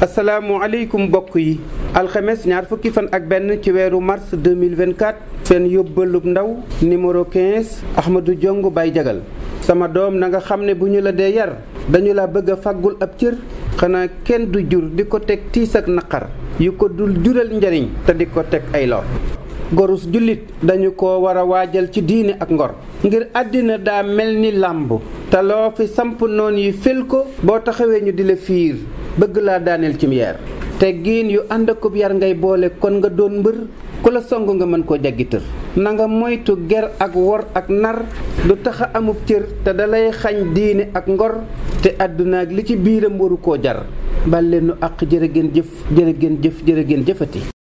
Assalamualaikum bokk yi alxames ñaar fukki fan ak benn ci weeru mars 2024 seen yóbbalub ndaw numéro 15 Ahmadou Diong bay jagal sama doom na nga xam ne bu ñu la dee yar dañu la bëgg a fàggul ab cër xanaa kenn du jur di ko teg tiis yu ko dul jural njariñ te di ko ay lor gorus julit dañu ko war a waajal ci diine ak ngor ngir àddina daa mel ni làmb te loo fi samp noon yi fil ko boo taxawee ñu di fiir bëgg laa daaneel cim te teggiin yu ànd akub yar ngay boole kon nga doon mbër ku la song nga mën koo jaggi tër na nga moytu ger ak wor ak nar du tax a amub cër te dalay xañ diine ak ngor te àdduna ak li ci biiram waru koo jar bàl leen nu àq jërë jëf jërë géen jëf jërë géen jëfati